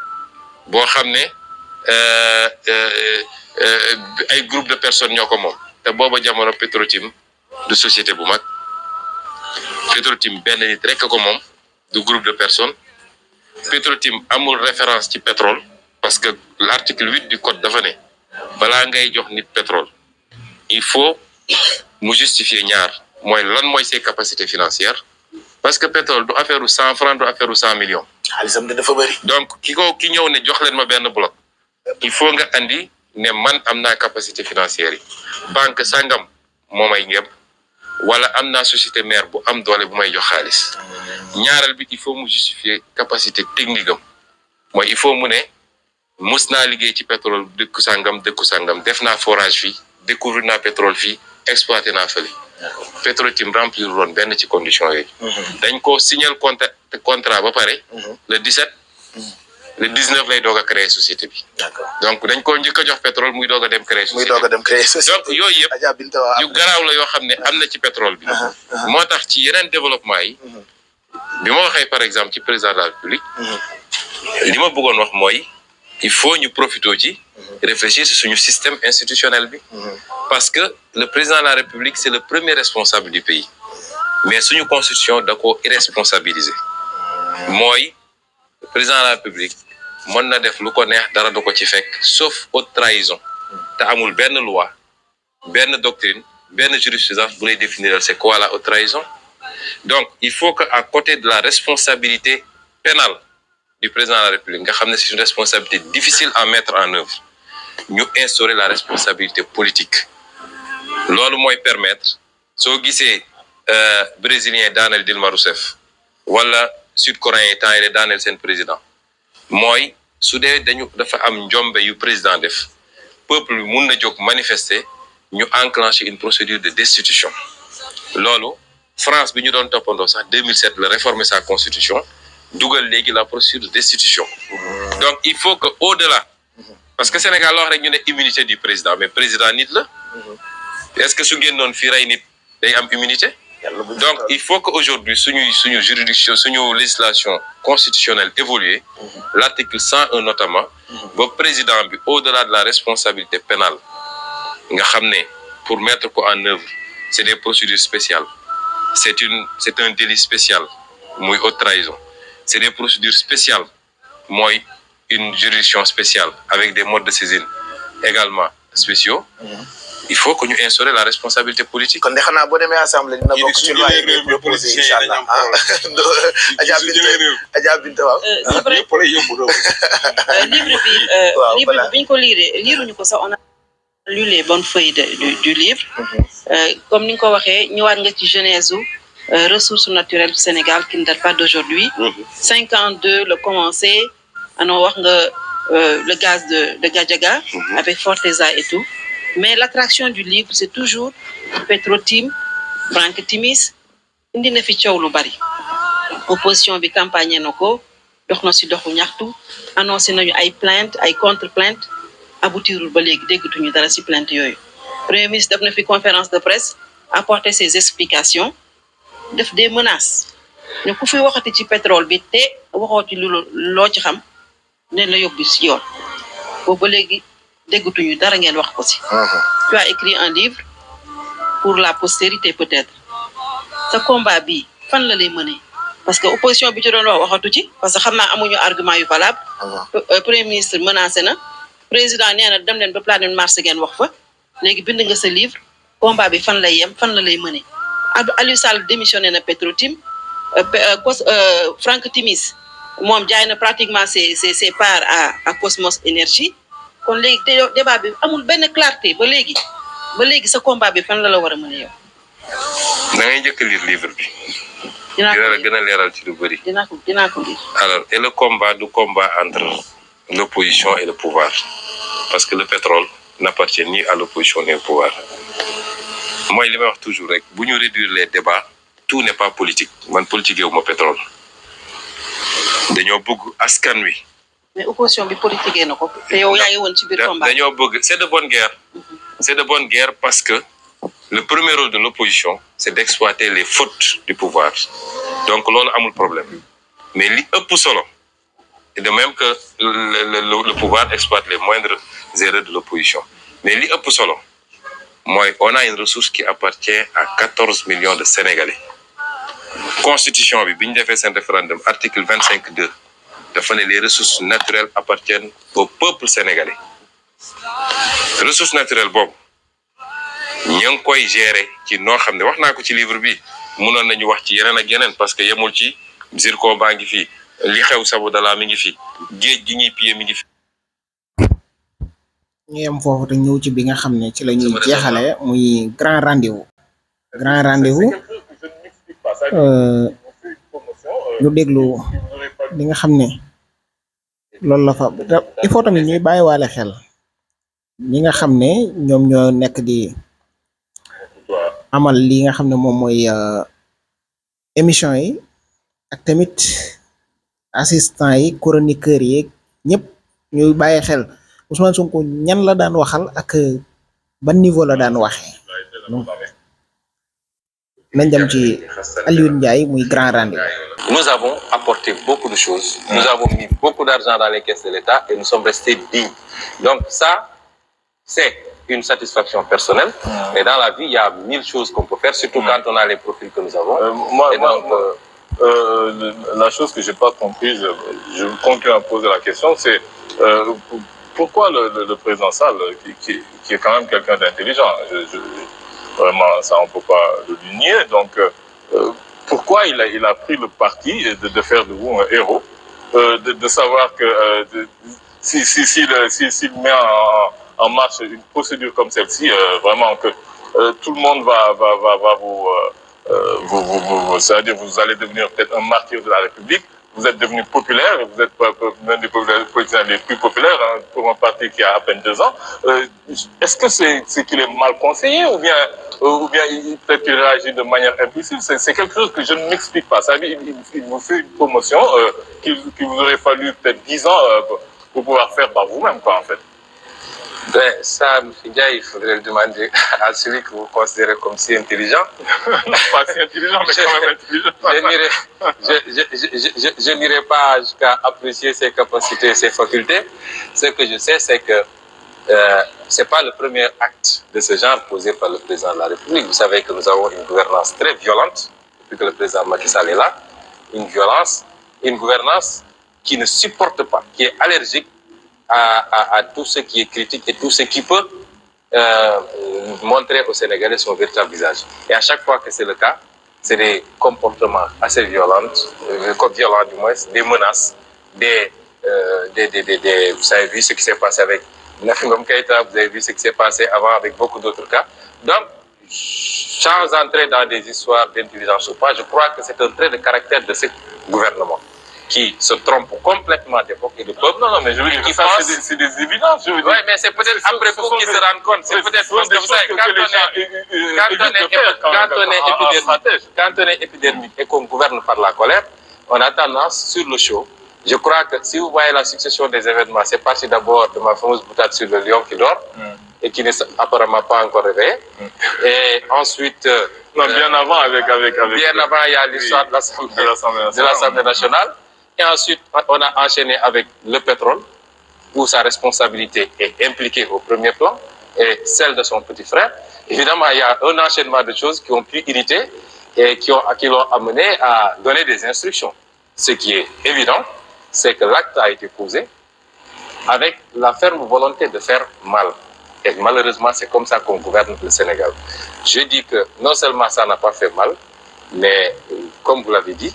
boo xam ne euh, euh, euh, ay groupe de personnes ñoo ko moom te booba jamono Petrotim du société bu mag Petrotim benn nit rek ko moom du groupe de personnes Petrotim amul référence ci pétrole parce que l'article huit du code dafa ne balaa ngay jox nit pétrole il faut mu justifier ñaar mooy lan mooy ses capacité financière parce que pétrole du affaire u cent franc du affaire u cent millions. xaalisam de dafa bëri. donc ki ko ki ñëw ne jox leen ma benn bloc il faut nga andi ne man am naa capacité financière yi banque sangam moo may ngëb wala am na société maire bu am doole bu may jox xaalis ñaareel bi il faut mu justifier capacité technique am mooy il faut mu ne mos naa liggéey ci pétrole dëkku sangam dëkku sangam def naa forage fii découvrir naa pétrole fii exploité naa fële. Petrotim remplir woon benn ci condition yooyu. Mhm. dañ ko signal contrat ba pare. Mhm. le 17. le 19 lay doog a créer société bi. donc dañ koo njëkk a jox pétrole muy doog dem créer. société muy doog a dem créer société donc yooyu yëpp yu garaaw la yoo xam ne am na ci pétrole bi. Uh-huh, uh-huh. moo tax ci yeneen développement yi. Uh-huh. bi ma waxee par exemple ci président de la république. li ma bëggoon wax mooy il faut ñu profité ci. réfléchir sur suñu système institutionnel bi. parce que le président de la république c'est le premier responsable du pays. mais suñu constitution da ko irresponsabiliser. mooy président de la république. mën na def lu ko neex dara du ko ci fekk sauf haute trahison te amul benn loi benn doctrine benn jurisprudence bu lay définir c'est quoi la haute trahison donc il faut que à côté de la responsabilité pénale du président de la République nga xam ne c'est une responsabilité difficile à mettre en œuvre ñu instaurer la responsabilité politique loolu mooy permettre soo gisee euh, brésilien daaneel Dilma Rousseff wala sud-coréen yi temps yi daaneel seen président mooy su dee dañu dafa am njombe yu président def peuple mun na jóg manifester ñu enclencher une procédure de destitution loolu France bi ñu doon toppandoo sax 2007 la réformer sa constitution dugal léegi la procédure de destitution donc il faut que au-delà parce que Sénégal la rek ñu ne immunité du président mais président nit la est-ce que su génnoon fii rey nit day am immunité donc il faut que aujourd'hui suñuy suñu juridiction suñu législation constitutionnelle évoluer mhm. l'article 101 notamment mhm. ba président bi au-delà de la responsabilité pénale nga xam ne pour mettre ko en œuvre c'est des procédures spéciales c'est une c'est un délit spécial muy haute trahison c'est des procédures spéciales mooy une juridiction spéciale avec des modes de saisine également spéciaux mhm. il faut que ñu instaurer la responsabilité politique. kon de xanaa boo demee ko liiree liiruñu ko sax on a lu euh, comme ni nga ko waxee ñëwaat nga ci genèse euh, ressources naturelles du Sénégal qui ne date pas d'aujourd'hui. 52 mhm. le commencé anoo wax nga euh, le gaz de de Gadiaga. Mhm. avec Forteza et tout. mais l'attraction du livre c'est toujours Petrotim Franck Timis indi na fi coow lu bari opposition bi campagne na ko dox na si doxu ñaxtu annoncé nañu ay plainte ay contre plainte aboutirul ba léegi déggatuñu dara si plainte yooyu premier ministre def na fi conférence de presse apporter ses explications def des menaces ne ku fi waxati ci pétrole bi te waxoo ci lu loo ci xam ne la yóbbu si yoon boobu léegi déggatuñu dara ngeen wax ko si. Uh-huh. tu as écrit un livre pour la postérité peut-être sa combat bi fan la lay mënee parce que opposition bi ci doon wax waxatu ci parce que xam naa amuñu argument yu valable. Uh-huh. Euh, euh, premier ministre menacé na président nee na dem leen ba planète Mars ngeen wax fa léegi bind nga sa livre combat bi fan lay yem fan la lay mënee. Aliou Sall démissionné na Petrotim euh, Franck Timis moom jaay na pratiquement ses ses ses parts à à Cosmos Énergie. kon léegi te yow débat bi amul benn clarté ba léegi ba léegi sa combat bi fan la la war a mën a yow. ngay njëkk livre bi. dinaa leeral ci lu bëri. dinaa ko dinaa alors et le combat du combat entre l'opposition et le parce que le pétrole n'appartient ni à l'opposition ni au pouvoir mooy li may wax toujours rek bu ñu réduire les débats tout n'est pas politique man politique yow ma pétrole dañoo bëgg askan wi. mais opposition bi politique na ko. te yow yaa ngi biir combat dañoo bëgg c' est de bonne guerre. Mhm. c' est de bonne guerre parce le premier de l' opposition c' est d' les fautes du pouvoir donc loolu amul problème mais li ëpp solo de même que le le le pouvoir exploite les moindres erreurs de l' opposition mais li ëpp solo mooy on a une ressource qui appartient à quatorze millions de sénégalais constitution bi bi ñu defee seen référendum article vingt cinq deux. dafa ne les ressources naturelles appartiennent au peuple sénégalais ressource naturelle boobu ña ngi koy gérer ci noo xam ne wax naa ko ci livre bi mënoon nañu wax ci yeneen ak geneen parce que yemul ci zircon baa ngi fi li xew Sabodala mi ngi fi géej gi ñuy pillé mi ngi fi. ñu foofu te ñëw ci bi nga xam ne ci la ñuy jeexale muy grand rendez-vous grand rendez-vous lu euh, déglu li nga xam ne loolu la fa il faut tamit ñuy bàyyiwaale xel ñi nga xam ne ñoom ñoo nekk di amal li nga xam ne moom mooy euh, émission yi ak tamit assistant yi chroniqueur yi ñëpp ñuy bàyyi xel Ousmane Sonko ñan la daan waxal ak ban niveau la daan waxe nañ dem ci Alioune Ndiaye muy grand rendez-vous. nous avons apporté beaucoup de choses. nous avons mis beaucoup d'argent dans les caisses de l'État et nous sommes restés dignes. donc ça c'est une satisfaction personnelle. mais ah. dans la vie il y a mille choses qu'on peut faire surtout hmm. quand on a les profils que nous avons. Euh, et euh, euh, pourquoi le, président Sall qui, est quand même quelqu'un d'intelligent Vraiment, ça, on ne peut pas le nier. Donc, euh, pourquoi il a, il a pris le parti de, de faire de vous un héros euh, de, de, savoir que euh, de, si, si, si, le, si, si met en, en, marche une procédure comme celle-ci, euh, vraiment que euh, tout le monde va, va, va, va vous, vous, euh, vous, vous, vous, c'est-à-dire vous allez devenir peut-être un martyr de la République. vous êtes devenu populaire, vous êtes l'un des populaires pour un parti qui a à deux ans. Euh, est-ce que c'est est, qu'il est mal conseillé ou bien, euh, ou bien il peut-être qu'il de manière impulsive C'est quelque chose que je ne m'explique pas. Ça, vous fait une promotion euh, vous aurait fallu peut-être dix ans euh, pour pouvoir faire par vous-même, quoi, en fait. Ben, ça, Mfidia, il faudrait le demander à celui que vous considérez comme si intelligent. pas si intelligent, je n'irai pas jusqu'à apprécier ses capacités, ses facultés. Ce que je sais, c'est que euh, pas le premier acte de ce genre posé par le président de la République. Vous savez que nous avons une gouvernance très violente depuis que le président Macky est là. Une violence, qui ne supporte pas, qui est allergique à, à, à, tout ce qui est critique et tout ce qui peut euh, montrer aux Sénégalais son véritable visage. Et à chaque fois que c'est le cas, c'est des comportements assez violents, euh, violents du moins, de menaces, des, euh, des, des, des, des, vous avez vu ce qui s'est passé avec Nafingom Keita, vous avez ce qui s'est passé avant avec beaucoup d'autres cas. Donc, sans entrer dans des histoires d'intelligence ou pas, je crois que c'est un trait de caractère de ce gouvernement. qui se trompe complètement d'époque et de peuple. Non, non, mais je veux dire que ça, c'est des, des, évidences. Je veux dire. Oui, mais c'est peut-être après coup qu'ils se rendent compte. C'est peut-être parce que vous savez, quand on est euh, euh, épidermique ah, ah, ah. et qu'on gouverne par la colère, on a tendance sur le show. Je crois que si vous voyez la succession des événements, c'est parti d'abord de ma fameuse boutade sur le lion qui dort mm. et qui n'est apparemment pas encore réveillé. Mm. Et ensuite... Euh, non, bien euh, avant, avec... avec, avec bien le... avant, il y a l'histoire oui, de l'Assemblée nationale. Et ensuite, on a enchaîné avec le pétrole, où sa responsabilité est impliquée au premier plan, et celle de son petit frère. Évidemment, il y a un enchaînement de choses qui ont pu irriter et qui l'ont qui amené à donner des instructions. Ce qui est évident, c'est que l'acte a été posé avec la ferme volonté de faire mal. Et malheureusement, c'est comme ça qu'on gouverne le Sénégal. Je dis que non seulement ça n'a pas fait mal, mais euh, comme vous l'avez dit,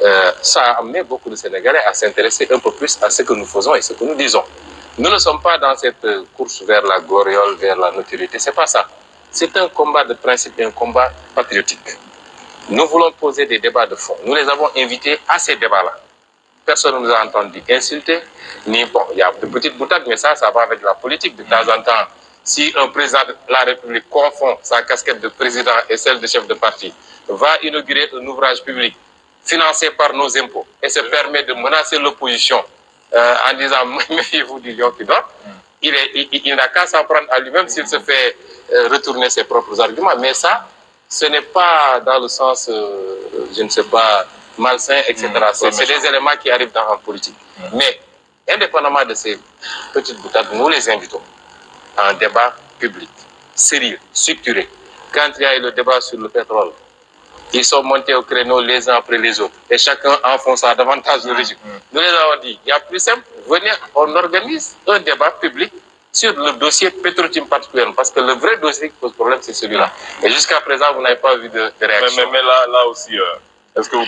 euh, ça a amené beaucoup de Sénégalais à s'intéresser à ce que nous faisons et ce que nous disons. Nous ne sommes pas dans cette course vers la gloriole, vers la notoriété, c'est pas ça. C'est un combat de principe et un combat patriotique. Nous voulons poser des débats de fond. Nous les avons invités à ces débats-là. Personne ne nous a entendu insulter, ni bon, il y a de petites boutades, mais ça, ça va de temps en temps. Si un président de la République confond sa casquette de financé par nos impôts et se permet de menacer l'opposition euh, en disant méfiez-vous du lion qui dort, il, est, il, il n'a qu'à s'en prendre à lui-même s'il se fait euh, retourner ses propres arguments. Mais ça, ce n'est pas dans le sens, euh, je ne sais pas, malsain, etc. Mmh, C'est des éléments qui arrivent dans la politique. Mmh. Mais indépendamment de ces petites boutades, nous les invitons à un débat public, sérieux, structuré. Quand il y a eu le débat sur le pétrole, Ils sont montés au créneau les uns après les autres. Et chacun enfonça davantage le régime. Mm. Nous les avons dit, il y a plus simple, venez, on organise un débat public sur le dossier Petrotim particulièrement, parce que le vrai dossier qui pose problème, c'est celui-là. Mm. Et jusqu'à présent, vous n'avez pas vu de, réaction. Mais, mais, mais, là, là aussi, euh, est-ce que à, à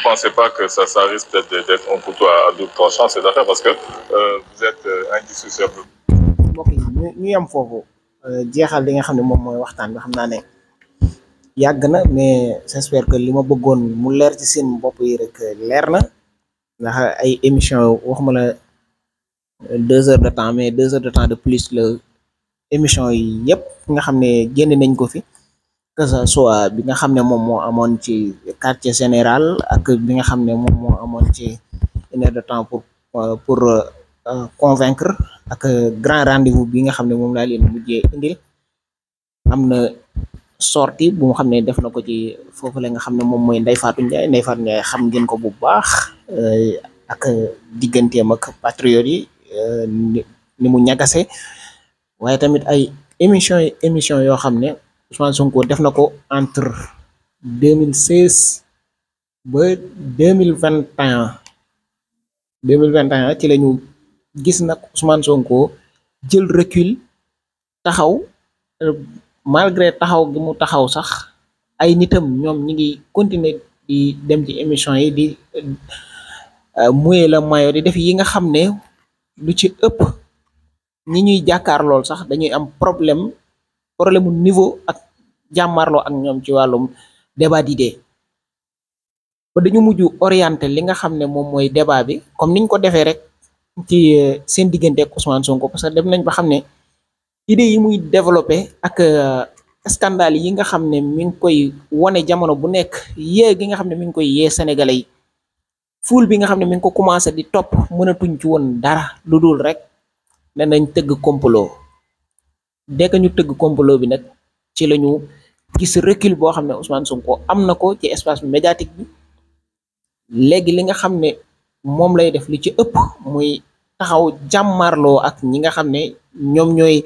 parce que euh, vous êtes euh, indissociable. mbokk yi ñu ñu yem foofu euh, jeexal li nga xam ne moom mooy waxtaan bi xam naa ne yàgg na mais j'espère que li ma bëggoon mu leer ci seen bopp yi rek leer na ndax ay émission waxuma la deux heures de temps mais deux heures de temps de plus la émission yi yëpp nga xam ne génn nañ ko fi que ça soit bi nga xam ne moom moo amoon ci quartier général ak bi nga xam ne moom moo amoon ci de temps pour pour euh, convaincre ak grand rendez nga xam ne moom laa leen mujjee indil am na sorti bu nga xam ne def na ko ci foofu la nga xam ne moom mooy nday Fatou Ndiaye Ndeye Fatou Ndiaye xam ngeen ko bu baax euh, ak digganteem ak patriote yi euh, ni mu ñagase waaye tamit ay émission émission yoo xam ne Ousmane Sonko def na ko entre deux mille seize ba deux mille vingt et deux mille vingt et ci lañu gis nag Ousmane Sonko jël recul taxaw euh, malgré taxaw gi mu taxaw sax ay nitam ñoom ñi ngi continuer di dem ci émission yi di euh, mouiller la maillot di def yi nga xam ne lu ci ëpp ñi ñuy jàkkaar lool sax dañuy am problème problème niveau ak jàmmarloo ak ñoom ci wàllum débat d'idées ba dañu mujj orienté li nga xam ne moom mooy débat bi comme niñ ko defee rek ci euh, seen diggante ak Ousmane Sonko parce que dem nañ ba xam ne idée yi muy développé ak euh, scandale yi nga xam ne mi ngi koy wane jamono bu nekk yée gi nga xam ne mi ngi koy yee sénégalais yi ful bi nga xam ne mi ngi ko commencé di topp mënatuñ ci woon dara lu dul rek ne nañ tëgg complot dès que ñu tëgg complot bi nag ci la ñu gis recul boo xam ne Ousmane Sonko am na ko ci espace médiatique bi léegi li nga xam ne moom lay def li ci ëpp muy taxaw jàmmarloo ak ñi nga xam ne ñoom ñooy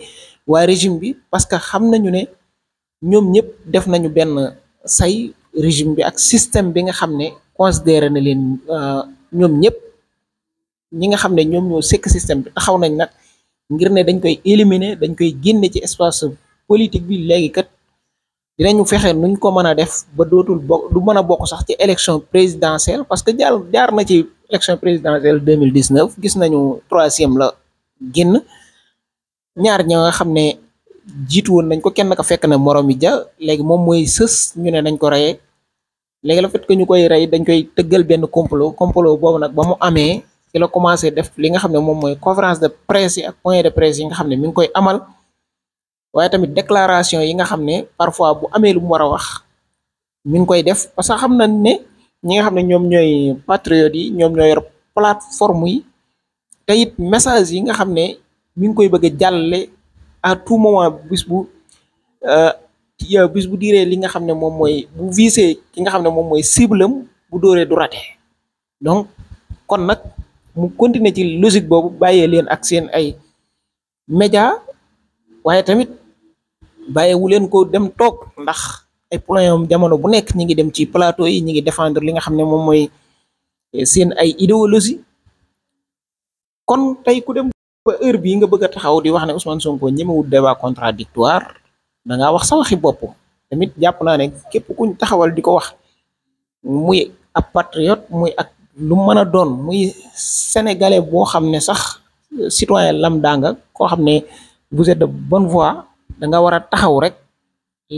waaye régime bi parce que xam nañu ne ñoom ñëpp def nañu benn say régime bi ak système bi nga xam ne considéré na leen euh, ñoom ñëpp ñi nga xam ne ñoom ñoo sekk système bi taxaw nañ nag ngir ne dañ koy éliminer dañ koy génne ci espace politique bi léegi kat dinañu fexe nuñ ko mën a def ba dootul bokk du mën a bokk sax ci élection présidentielle parce que jaar jaar na ci élection présidentielle 2019 gis nañu troisième la génn ñaar ña nga xam ne jiitu woon nañ ko kenn ka fekk na moroom yi ja léegi moom mooy sës ñu ne nañ ko reyee léegi la fait que ñu koy rey dañ koy tëggal benn complot complot boobu nag ba mu amee ci la commencé def li nga xam ne moom mooy conférence de presse yi ak point de xam ne mi ngi koy amal waaye tamit déclaration yi nga xam ne parfois bu amee lu mu war a wax mi ngi koy def parce que xam na ne ñi nga xam ne ñoom ñooy patriotes yi ñoom ñooy plateforme yi te message yi nga xam ne mi ngi koy bëgg a jàllale à tout moment bis bu euh, bis bu diiree li nga xam ne moom mooy bu visé ki nga xam ne moom mooy cible bu dóoree du raté donc kon nag mu continuer ci logique boobu bàyyee leen ak seen ay média waaye tamit bàyyewu leen ko dem toog ndax ay problème jamono bu nekk ñi ngi dem ci palateau yi ñi ngi défendre li nga xam ne moom mooy seen ay idéologie kon tey ku dem ba heure bii nga bëgg a taxaw di wax ne Ousmane Sonko ñemewul débat contradictoire da ngaa wax sa waxi bopp tamit jàpp naa ne képp kuñ taxawal di ko wax muy ab patriote muy ak lu mën a doon muy sénégalais boo xam ne sax citoyen lam nga koo xam ne vous de bonne voie da nga war a taxaw rek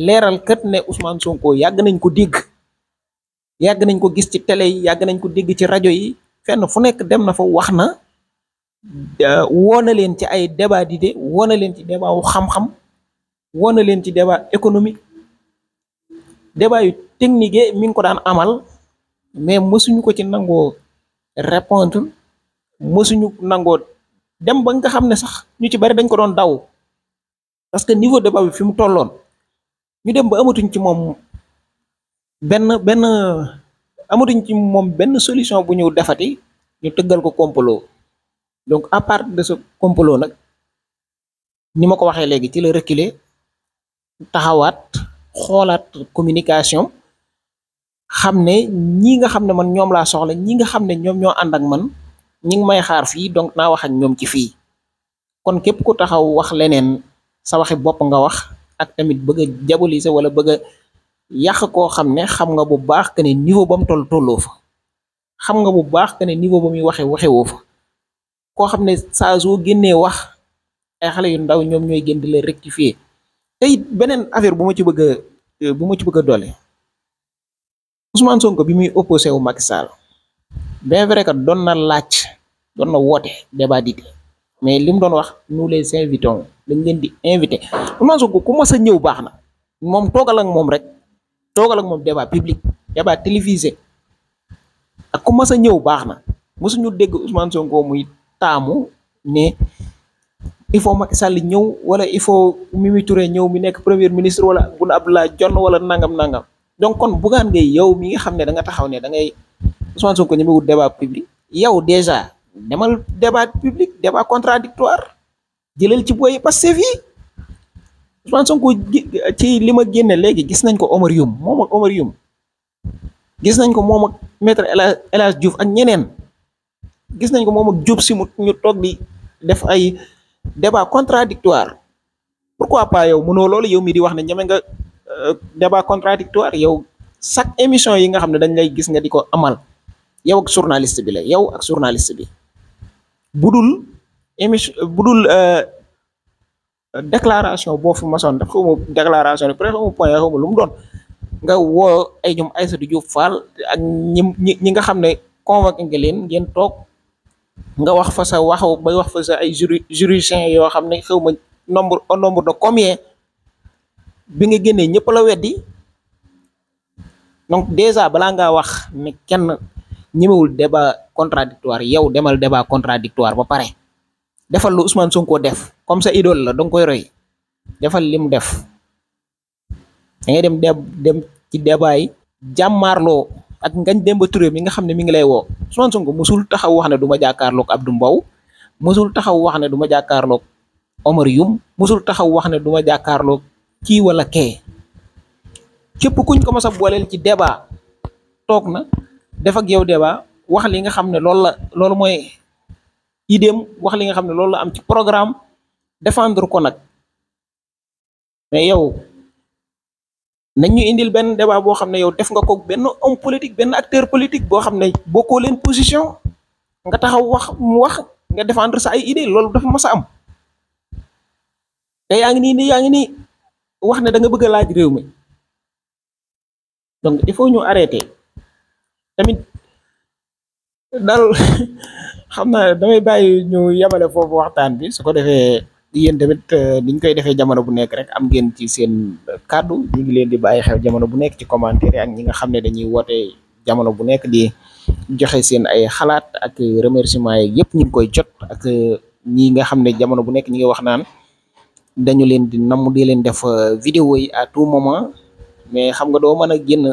leeral kat ne Ousmane Sonko yàgg nañ ko dégg yàgg nañ ko gis ci télé yi yàgg nañ ko dégg ci rajo yi fenn fu nekk dem na fa wax na. Euh, woona leen ci ay débat d'idées woona leen ci débat wu xam-xam woona leen ci débat économique débat yu technique mi ngi ko daan amal mais mësuñu ko ci nangoo répondre mësuñu nangoo dem ba nga xam ne sax ñu ci bari dañ ko doon daw parce que niveau débat bi fi mu tolloon ñu dem ba amatuñ ci moom benn benn amatuñ ci moom benn solution bu ñu defati ñu tëggal ko complot donc à partir de ce complot nag ni ma ko waxee léegi ci la reculer taxawaat xoolaat communication xam ne ñii nga xam ne man ñoom laa soxla ñii nga xam ne ñoom ñoo ànd ak man ñi ngi may xaar fii donc naa wax ak ñoom ci fii kon képp ku taxaw wax leneen sa waxi bopp nga wax ak tamit bëgg a wala bëgg a yàq koo xam ne xam nga bu baax que ne niveau ba mu toll tolloo fa xam nga bu baax que ne niveau ba muy waxe waxewoo fa koo xam ne saa génnee wax ay xale yu ndaw ñoom ñooy génn di la rectifier te beneen affaire bu ma ci bëgg a euh, bu ma ci bëgg a doole Ousmane bi muy opposé wu Macky Sall bien vrai que doon na laaj doon na woote débat d'idées mais li mu doon wax nous les invitons dañ leen di invité Ousmane Sonko ko mas a ñëw baax na moom toogal ak moom rek toogal ak moom débat public débat télévisé ak ku mas a ñëw baax na mosuñu dégg Ousmane Sonko muy. taamu ne il faut Macky Sall ñëw wala il faut Mimi Touré ñëw mi nekk premier ministre wala Boun Abdallah Dionne wala nangam nangam donc kon Bougane Gueye yow mi nga xam ne da nga taxaw ne da ngay ko Sonko ñemewul débat public yow déjà demal débat public débat contradictoire jëlal ci booy Pastef yi Ousmane Sonko ci li ma génne léegi gis nañ ko Omar Youm moom ak Omar Youm gis nañ ko moom ak maître El Hadj Diouf ak ñeneen gis nañ ko moom ak Diop si mu ñu toog di def ay débat contradictoire pourquoi pas yow mënoo loolu yow mi di wax na ñemee nga euh, débat contradictoire yow chaque émission yi nga xam ne dañ lay gis nga di ko amal yow ak journaliste bi la yow ak journaliste bi budul émission budul euh, déclaration boo fi masoon def xaw déclaration de presse xaw ma point xaw ma lu mu doon nga woo ay ñoom Aïssatou Diouf Fall ak ñi ñi nga xam ne convoqué nga leen ngeen toog nga wax fa sa waxu ba wax fa sa ay juri juristen yoo xam ne xew ma nombre au nombre de combien bi nga génnee ñëpp la weddi donc déjà balaa ngaa wax ne kenn ñemewul débat contradictoire yow demal débat contradictoire ba pare defal lu Ousmane Sonko def comme sa idole la danga koy roy defal li mu def da ngay dem dem ci débat jàmmaarloo ak ngañ Demba Touré mi nga xam ne mi ngi lay woo Ousmane Sonko mosul taxaw wax ne du ma jàkkaarloog Abdou Mbow mosul taxaw wax ne du ma jàkkaarloog Omar Youm mosul taxaw wax ne duma ma jàkkaarloog kii wala kee képp kuñ ko mas a booleel ci débat toog na def ak yow débat wax li nga xam ne loolu la loolu mooy idéem wax li nga xam ne loolu la am ci programme défendre ko nag mais yow. nañ ñu indil benn débat boo xam ne yow def nga ko benn homme politique benn acteur politique bo xam ne bokkoo leen position nga taxaw wax mu wax nga défendre sa ay idée loolu dafa mas am yaa ngi nii ni yaa ngi nii wax ne da nga bëgg a laaj réew mi donc il faut ñu arrêter tamit daal xam naa damay bàyyi ñu yemale foofu waxtaan bi su ko defee. yéen tamit euh, niñ koy defee jamono bu nekk rek am ngeen ci seen kàddu ñu leen di bàyyi xew jamono bu nekk ci commentaire ak ñi nga xam ne dañuy woote jamono bu nekk di joxe seen ay xalaat ak remerciement yi yëpp ñu ngi koy jot ak euh, ñi nga xam ne jamono bu nekk ñi ngi wax naan dañu leen di namm di leen def euh, vidéo yi à tout moment mais xam nga doo mën a génn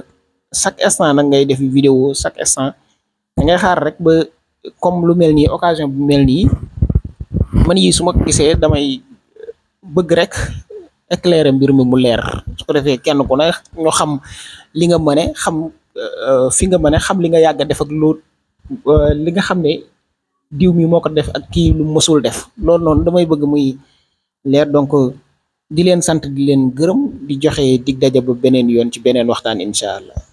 chaque instant nag ngay def vidéo chaque instant da ngay xaar rek ba comme lu mel nii occasion bu mel nii man yi suma ma gisee damay bëgg rek éclairer mbir mi mu leer su ko defee kenn ku ne ñu xam li nga mën a xam euh, fi nga mën a xam li nga yàgg a def ak lu euh, li nga xam ne diw mi moo ko def ak kii lu mësul def loolu noonu damay bëgg muy leer donc di leen sant di leen gërëm di joxe dig daje ba beneen yoon ci beneen waxtaan incha allah.